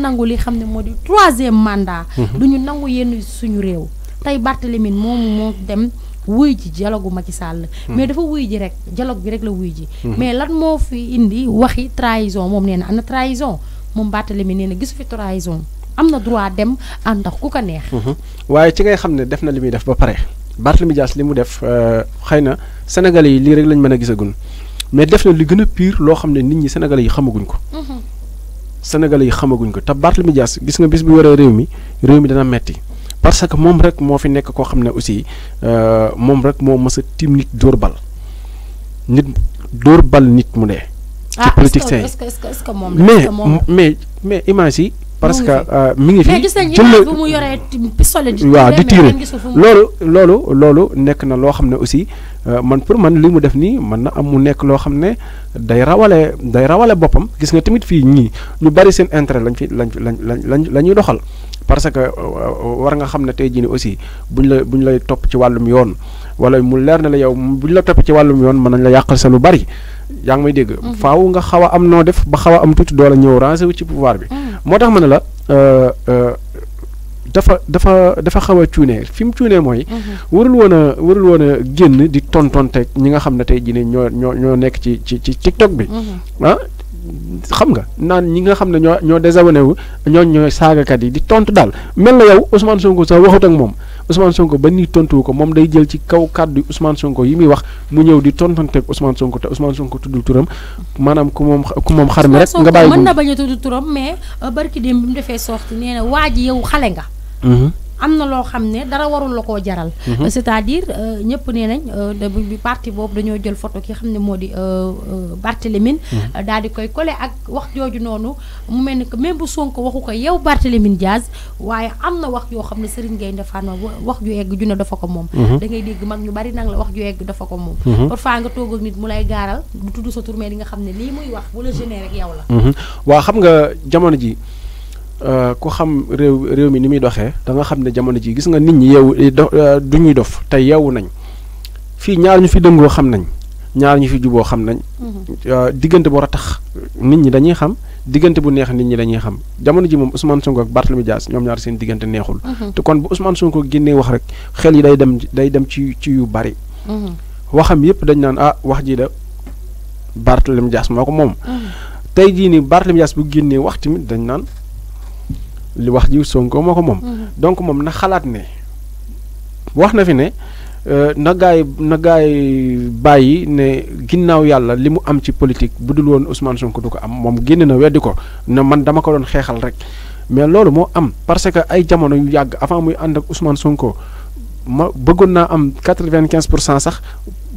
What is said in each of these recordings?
nangu li xam ne moo di troisième mandat. Mhm. du ñu nangu yenn suñu réew. tey Barthélémy moomu moo dem wuy ji dialogue Macky sàll mhm. mais dafa wuy ji rek dialogue bi rek la wuy ji. Mhm. mais lan moo fi indi waxi trahison moom nee na am na trahison moom Barthélémy nee na gisu fi trahison am na droit dem ànd ak ku ko neex. waaye ci ngay xam ne def na li muy def ba pare Barthélémy Dias li mu def euh, xëy na Sénégalais yi lii rek lañ mën a gisagun mais def na li gën a pire loo xam ne nit ñi Sénégalais yi xamaguñ ko. sénégal yi xamaguñ ko te Barthélemy Dias gis nga bis bu yoree réew mi réew mi dana metti parce que moom rek moo fi nekk koo xam ne aussi euh, moom rek moo mës a tiim nit dóor bal nit dóor bal nit mu dee. ci ah, politiciens yi mais mais mais image yi. parce que euh, mi ngi fi jël na waaw di tiire loolu loolu loolu nekk na loo xam ne aussi. Euh, man pour man li mu def nii mën na am mu nekk loo xam day rawale day rawale bopam gis nga tamit fii ñii ñu bari seen intérêt lañ fi lañ lañ lañ doxal parce que euh, war nga xam ne tey ni aussi buñ la buñ lay topp ci wàllum yoon wala mu leer na la yow buñ la top ci wàllum yoon man nañ la yakal sa lu bari yaa may dégg. Mhm. faaw nga xaw am no def ba xaw am tuuti doo la ñëw ranger ci pouvoir bi. Mhm. moo tax dafa dafa dafa xaw a cuune fi mu cuune mooy. Mm-hmm. warul woon a warul woon a génn di tontonteeg ñi nga xam ne tey jii ne ñoo ñoo ñoo nekk ci ci ci TikTok bi. Mm-hmm. ah xam nga naan ñi nga xam ne ñoo ñoo désabonné wu ñooñu ñooy saagakat yi di tontu daal mel na yow Ousmane Sonko sax waxut ak moom. Ousmane Sonko ba nii tontuwu ko moom day jël ci kaw kàddu Ousmane Sonko yi muy wax mu ñëw di tontanteeg Ousmane Sonko te Ousmane Sonko tuddul turam maanaam ku moom ku moom xar mi rek. nga bàyyi mën na bañ a tudd turam mais euh, barki démb mu defee sorti nee na waa ji yow xale nga. Mhm. am na loo xam ne dara warul la koo jaral. Mhm. c'est-à-dire euh, ñëpp nee nañ euh, bi parti boobu dañoo jël photo ki xam ne moo di euh, Barthélémine. Mhm. daal di koy collé ak wax jooju noonu mu mel ni que même bu sonk waxu ko yow Barthélémine Diaz waaye am na wax yoo xam ne Serigne Gaynde Fatma wax ju egg ju ne dafa ko moom. Mhm. da ngay dégg mag ñu bari nang la wax ju egg dafa ko moom. parfois nga toog ak nit mu lay gaaral du tudd sa tournée di nga xam ne lii muy wax bu la génne rek yow la. waa xam jamono ji. Euh, ku xam réew réew mi ni muy doxee da xam ne jamono ji gis nga nit ñi yeewu eh, do euh, du ñuy dof te yeewu nañ fii ñaar ñu fi dëngoo xam nañ ñaar ñu fi juboo xam nañ. Mm-hmm. Euh, diggante bu war a tax nit ñi dañuy xam diggante bu neex nit ñi dañuy xam jamono ji moom Ousmane Sonko ak Barthélemy jaas ñoom ñaar seen diggante neexul. Mm-hmm. te kon bu Ousmane Sonko génnee wax rek xel yi day dem day dem ci ci yu bari. Mm-hmm. waxam yépp dañ naan ah wax ji da Barthélemy Dias moo ko moom. tey jii nii Barthélemy Dias bu génnee wax tamit dañ naan. li wax ji Sonko moo ko moom. Mhm. donc moom na xalaat ne wax na fi ne euh, na gaay na gaay bàyyi ne ginnaaw yàlla li mu am ci politique bu dul woon Ousmane sunk du ko am moom génne na weddi ko na man dama ko doon xeexal rek mais loolu moo am parce que ay jamono yu yàgg avant muy ànd ak Ousmane Sonko. ma bëggoon naa am quatre vingt quinze pour cent sax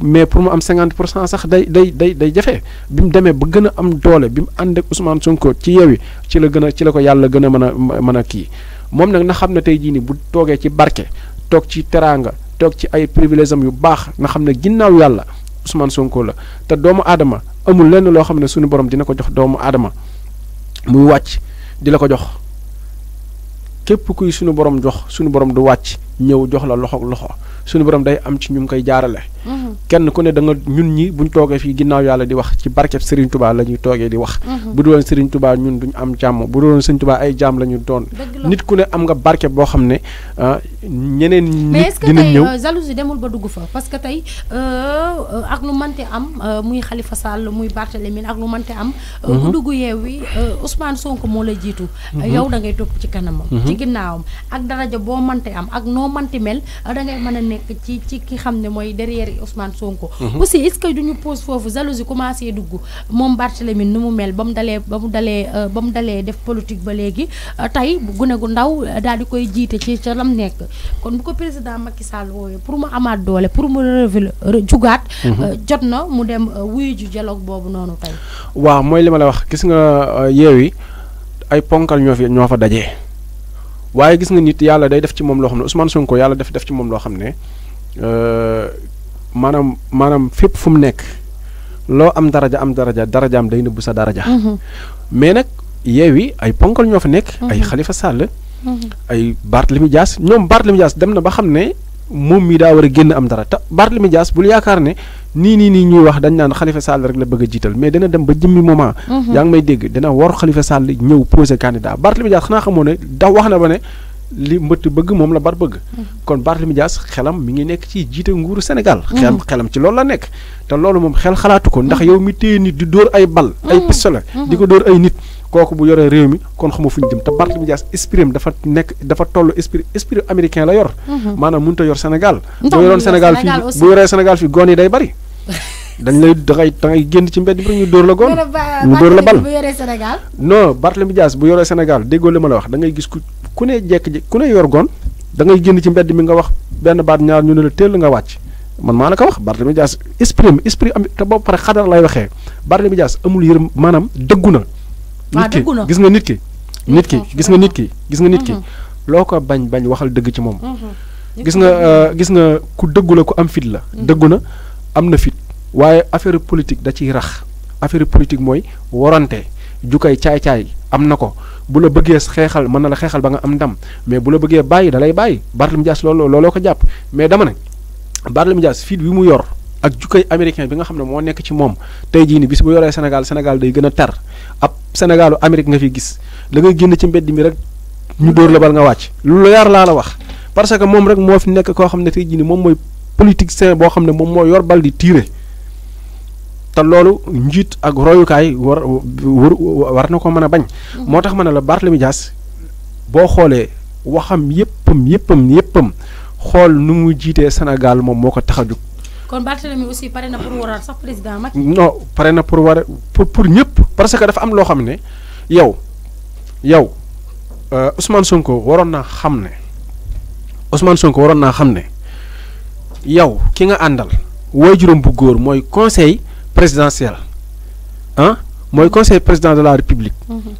mais pour mu am cinquante pour cent sax day day day day jafe bi mu demee ba gën a am doole bi mu ànd ak Ousmane Sonko ci Yewwi ci la gën a ci la ko yàlla gën a mën a mën a kii moom nag na xam ne tey jii nii bu toogee ci barke toog ci teraanga toog ci ay privilèges am yu baax na xam ne ginnaaw yàlla Ousmane Sonko la te doomu aadama amul lenn loo xam ne suñu borom dina ko jox doomu aadama muy wàcc di ko jox képp kuy suñu borom jox suñu borom du wàcc. ñëw jox la loxo loxo suñu borom day am ci ñu mu koy jaarale. kenn ku ne da ñun ñi buñ toogee fii ginnaaw yàlla di wax ci barkeb Serigne Touba la ñuy toogee di wax. Mhm. bu dul woon Serigne Touba ñun duñ am jàmm bu dul woon Serigne Touba ay jàmm la ñu doon. nit ku ne am nga barkeb boo xam ne ah, ñeneen. nit dina ñëw mais est-ce euh, demul ba dugg fa parce que tey euh, ak lu mënti am euh, muy xalifa Sall muy Barthélémy ak lu mante am. Mhm. ku dugg yeewi Ousmane Sonko moo la jiitu. Mhm. yow da ngay topp ci kanamam. noo manti mel dangay mën a nekk ci ci ki xam ne mooy derrière Ousmane Sonko. Mhm. aussi est-ce que duñu pose foofu jalousie commencé dugg moom Barthélemy nu mu mel ba mu dalee ba mu dalee euh, ba mu dalee def politique ba léegi euh, tey bu gune gu ndaw euh, daal di koy jiite ci ca lam nekk kon bu ko président Macky Sall pour mu amaat doole pour mu relever jugaat. Mhm. jot na mu dem wuyu ju dialogue boobu noonu tey. waaw mooy li ma la wax gis nga yeewi ay ponkal ñoo fi ñoo fa dajee waaye gis nga nit yàlla day def ci moom loo xam ne Ousmane Sonko yàlla def def ci moom loo xam ne euh, maanaam maanaam fépp fu mu nekk loo am daraja am daraja darajaam day nëbbu sa daraja. Mhm. mais nag yeewi ay ponkal ñoo fa nekk. Mhm. ay xalifa sàll mhm. ay Barthélemy Dias ñoom Barthélemy Dias dem na ba xam ne moom mi daa war a génn am dara te Barthélemy Dias bul yaakaar ne. nii nii nii ñuy wax dañ naan Khalifa Sall rek la bëgg a jiital mais dana dem ba jëmmi moment. Mhm. yaa ngi may dégg dana war Khalifa Sall ñëw posé candidat Barli Dias xanaa xamoo ne da wax na ba ne li mbëtt bëgg moom la bar bëgg. Mhm. kon barli Dias xelam mi ngi nekk ci jiite nguuru Sénégal. Mhm. xelam xelam ci loolu la nekk. te loolu moom xel xalaatu ko ndax yow mi téye nit di dóor ay bal. ay di ko dóor ay nit. kooku bu réew mi kon xamu fuñu ñu jëm te Barthélemy Dias esprit dafa nekk dafa toll esprit esprit américain la yor. maanaam mënut Senegal, yor Sénégal. bu yoroon Sénégal fii bu yoree Sénégal fii day bari dañ lay dangay dangay génn ci mbedd bi rek dóor la goon ñu dóor la bal bu yoree Sénégal non Barthélemy Dias bu yoree senegal déggoo la ma la wax da ngay gis ku ku ne jekk ku ne yor goon da ngay génn ci mbedd mi nga wax benn baat ñaar ñu ne la nga wàcc man maa la ko wax Barthélemy Dias esprit esprit am te boobu pare xadar lay waxee Barthélemy Dias amul yërëm maanaam dëggu na nit ki gis nga nit ki nit ki gis nga nit ki gis nga nit ki mhm. loo ko bañ bañ waxal dëgg ci moom mhm. gis nga euh, gis nga ku dëggu la ku am fit la mhm. dëggu na am na fit waaye affaire politique da ciy rax affaire politique mooy warante jukay caay-caay am na ko bu la bëggee xeexal mën na la xeexal ba nga am ndam mais bu la bëggee bàyyi da lay bàyyi Barthélémy Dias looloo looloo ko jàpp mais dama ne Barthélémy Dias fit wi mu yor ak jukay américain bi nga xam ne moo nekk ci moom tey jii ni si bu yoree Sénégal Sénégal day gën a tar ab Sénégalu Amérique nga fi gis da ngay génn ci mbedd mi rek ñu dóor la bal nga wàcc lu la yar la wax parce que moom rek moo fi nekk koo xam ne tey jii ni moom mooy politicien boo xam ne moom moo yor bal di tiire te loolu njiit ak royukaay war war na ko mën a bañ. Mhm. moo tax ma ne la Barthélemy Dias boo xoolee waxam yëppam yëppam yëppam xool nu mu jiitee Sénégal moom moo ko tax a jóg. kon Barthélemy aussi pare na pour waral sax président Macky. pare na pour war pour pour ñëpp parce que dafa am loo xam ne yow yow euh, Ousmane Sonko waroon naa xam ne Ousmane Sonko waroon naa xam ne. yow ki nga andal wajurum bu góor moy conseil présidentiel ah moy conseil président de la république mm-hmm.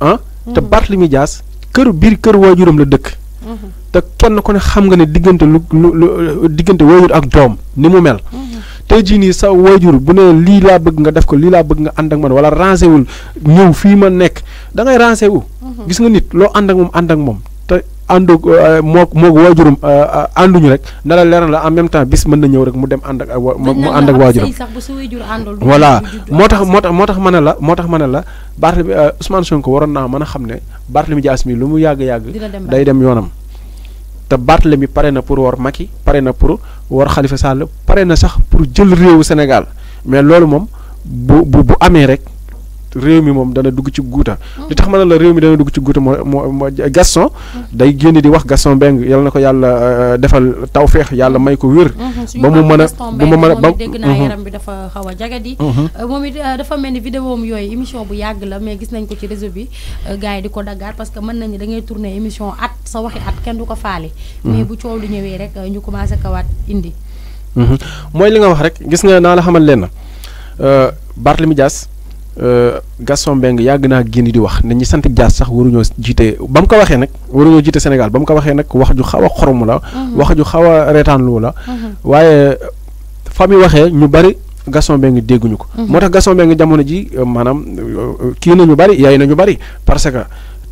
ah te mm-hmm. Barthélemy Dias keur bir keur wajurum la dëkk mm-hmm. te kenn ko ne xam nga ne diggante lu lu diggante waajur ak dom ni mu mel tey jii nii sa wajur bu ne li la bëgg nga def ko li la bëgg nga and ak man wala rangé wul ñew fi ma nek da ngay rangé wu gis nga nit lo and ak mom and ak mom ànd euh, mook mook waajuram euh, euh, ànduñu rek na la la en même temps bis mën na ñëw rek mu dem ànd ak mu ànd ak waajuram voilà moo tax moo tax moo tax ma ne la moo tax ma ne la Barthélemy Ousmane Sonko waroon naa mën a xam ne Barthélemy Dias mi lu mu yàgg-yàgg day dem yoonam te Barthélemy pare na pour war Macky pare na pour war Khalifa Sall pare na sax pour jël réewu senegal mais loolu moom bu bu bu amee rek réew mi moom dana dugg ci guuta li tax ma ne la réew mi dana dugg ci guuta moo moo Gaston mm-hmm. day génn di wax Gaston Mbengue yal na ko yàlla euh, defal tawféex yàlla may ko wér mm-hmm. ba mu mën a ba mu a mm-hmm. a mooy li nga wax rek gis nga naa la xamal leen na euh, Barthélemy Euh, Gaston Mbengue yàgg naa génn di wax ne ñi sant Dia sax waruñoo jiite ba mu ko waxee nag waruñoo jiite Sénégal ba mu ko waxee nag wax ju xaw a xorom la. Mhm. wax ju xaw a reetaanlu la. Mhm. waaye fa mu waxee ñu bari Gaston Mbengue dégguñu ko. Mhm. moo tax Gaston Mbengue jamono ji euh, maanaam euh, kii ñu bari yaay na ñu bari parce que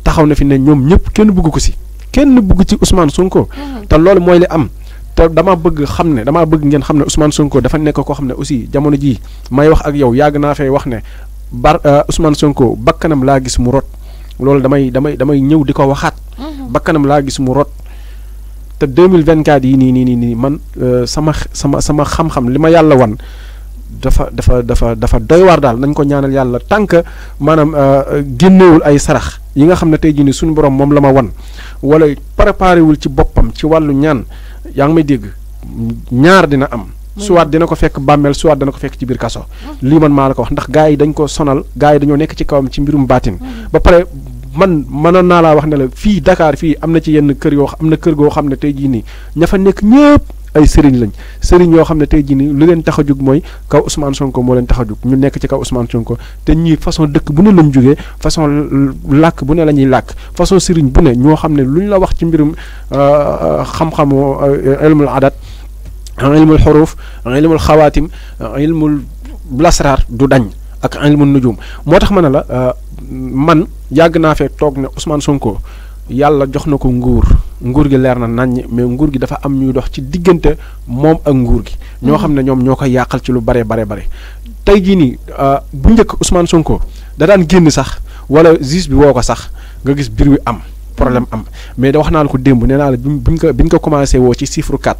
taxaw na fi ne ñoom ñëpp kenn bëgg ko si kenn bëgg ci Ousmane Sonko. te loolu mooy li am. te dama bëgg xam ne damaa bëgg ngeen xam ne Ousmane Sonko dafa nekk koo xam ne aussi jamono jii may wax ak yow yàgg naa fee wax ne bar euh, Ousmane Sonko bakkanam laa gis mu rot loolu damay damay damay ñëw di ko waxaat. Mhm. bakkanam laa gis mu rot. te 2024 yi nii nii nii nii man euh, sama sama sama xam-xam li ma yàlla wan dafa dafa dafa dafa doy waar daal nañ ko ñaanal yàlla tànk maanaam euh, génnewul ay sarax yi nga xam ne tey jii nii suñu borom moom la ma wan wala préparé wul ci boppam ci wàllu ñaan yaa ngi may dégg ñaar dina am. soit dina ko fekk bàmmeel soit dana ko fekk ci biir kaso hmm. lii man maa la ko wax ndax gars yi dañ ko sonal gaa yi dañoo nekk ci kawam ci mbirum baatin hmm. ba pare man mënoon naa laa wax ne la fii dakaar fii am na ci yenn kër yoo am na kër goo xam ne tey jii nii ña fa nekk ñëpp ay sëriñ lañ sëriñ yoo xam ne tey jii nii lu leen tax a jug mooy kaw Ousmane Sonko moo leen tax a ñu nekk ci kaw Ousmane ko te ñii façon dëkk bu ne lañ jógee façon làkk bu ne la ñuy làkk façon sëriñ bu ne ñoo xam ne lu ñu la wax ci mbirum euh, xam-xamu euh, ilmul adat ilmul xuruf ilmul xawaatim ilmul lasraar du dañ ak ilmul nujum moo tax ma ne la man yàgg naa fee toog ne Ousmane Sonko yàlla jox na ko nguur nguur gi leer na naññ mais nguur gi dafa am ñuy dox ci diggante moom ak nguur gi. ñoo xam ne ñoom ñoo koy yàqal ci lu bare bare bare. tey jii nii bu njëkk Ousmane Sonko da daan génn sax wala juge bi woo ko sax nga gis biir wi am problème am mais da wax naa la ko démb nee naa la bi mu ko bi ñu ko commencé woo ci chiffre 4.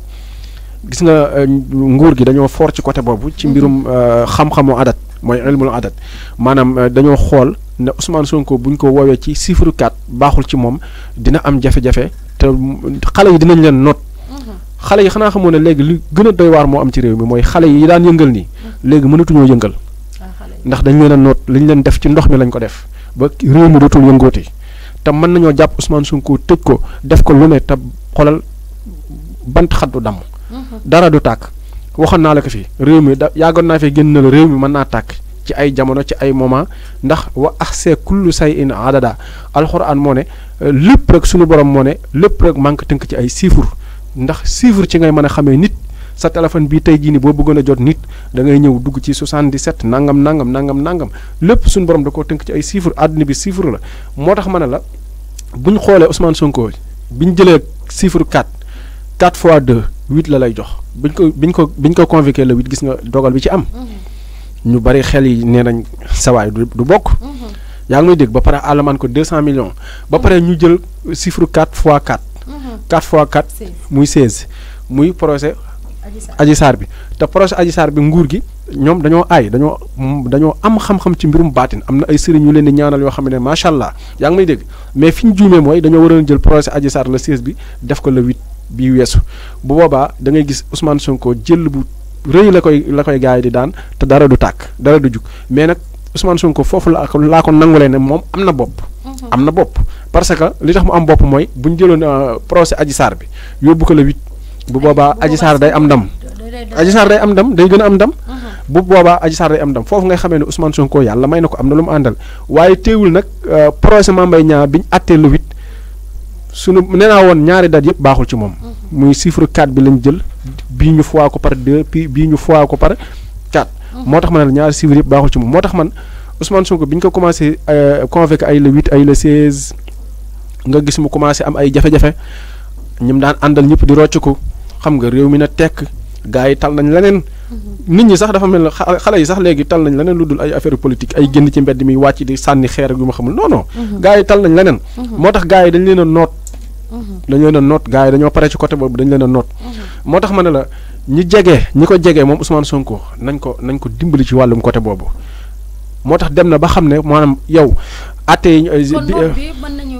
gis nga euh, nguur gi dañoo foor ci côté boobu ci mhm. mbirum euh, xam-xamu adat mooy ilmul adat maanaam euh, dañoo xool ne Ousmane Sonko buñ ko woowee ci chiffre 4 baaxul ci moom dina am jafe-jafe te xale yi dinañ leen noot. Mhm. xale yi xanaa xamoo ne léegi li gën a doy moo am ci réew mi mooy xale yi daan yëngal nii mhm. léegi mënatuñoo yëngal ah, ndax dañ leen a noot li leen def ci ndox mi lañ ko def ba réew mi dootul yëngooti te mën nañoo jàpp Ousmane Sonko tëj ko def ko lu ne te xoolal bant xaddu damm. dara du tàkk waxoon naa la ko fii réew mi da yàggoon naa fee génn na la réew mi mën naa tàkk ci ay jamono ci ay moment ndax wa axsee kullu say in adada alxuraan moo ne lépp rek suñu borom moo ne lépp rek manque tënk ci ay chiffres ndax chiffre ci ngay mën a xamee nit sa téléphone bii tey jii nii boo bëggoon a jot nit dangay ñëw dugg ci 77 nangam nangam nangam nangam lépp suñu borom da koo tënk ci ay chiffres àdduna bi chiffre la moo tax ma ne la buñ xoolee Ousmane Sonko biñ jëlee chiffre 4 4 fois 2 huit la lay jox biñ ko biñ ko biñ ko convoqué le huit gis nga dogal bi ci am. Mm-hmm. ñu bari xel yi nee nañ sawaay du bokk. Mm-hmm. yaa ngi may dégg ba pare alamaan ko deux cent millions. ba pare ñu jël chiffre quatre fois quatre. Mm-hmm. quatre fois quatre muy seize muy procès. Adji Sarr bi te procès Adji Sarr bi nguur gi ñoom dañoo aay dañoo dañoo am xam-xam ci mbirum baatin am na ay sëriñ yu leen di ñaanal yoo xam ne macha allah yaa ngi may dégg mais fi ñu juumee mooy dañoo waroon jël procès Adji Sarr le seize bi def ko le huit. bi wessu bu boba da ngay gis Ousmane Sonko jël bu reuy la koy la koy gaay di daan te dara du tak dara du juk mais nak Ousmane Sonko fofu la ko la ko nangulé né mom amna bop amna am mhm. parce que li tax mu am bop moy bu ñu jëloon euh, procès Adji Sarr bi yobbu ko le 8 bu boba Adji Sarr day am ndam. Adji Sarr day am ndam day gëna am ndam. Mhm. bu boba Adji Sarr day am ndam fofu ngay xamé né Ousmane Sonko yalla may nako amna lu mu euh, procès Mambay Niang le 8 sunu nee naa woon ñaari date yëpp baaxul ci moom. Mhm. muy chiffre 4 bi lañ jël bii ñu fois ko par 2 puis bii ñu fois ko par 4. Mhm. moo tax ma ne ñaari chiffre yëpp baaxul ci moom moo tax man Ousmane Sonko bi ñu ko commencé euh, convoqué ay le 8 ay le 16 nga gis mu commencé am ay jafe-jafe ñim daan àndal ñëpp di rocc ko xam nga réew mi na tekk gars yi tal nañ leneen. nit ñi sax dafa mel ne xale yi sax léegi tal nañ leneen lu dul ay affaire politique ay génn ci mbedd mi wàcc di sànni xeer ak yu ma xamul non non. Mhm. gars yi tal nañ leneen. Mhm. moo tax gars yi dañ leen a noot. Mhm. dañ noot gars yi dañoo pare ci côté boobu dañ leen a noot. moo tax ma ne la ñi jege ñi ko jege moom Ousmane Sonko nañ ko nañ ko dimbali ci wàllum côté boobu moo tax dem na ba xam ne maanaam yow. atte yi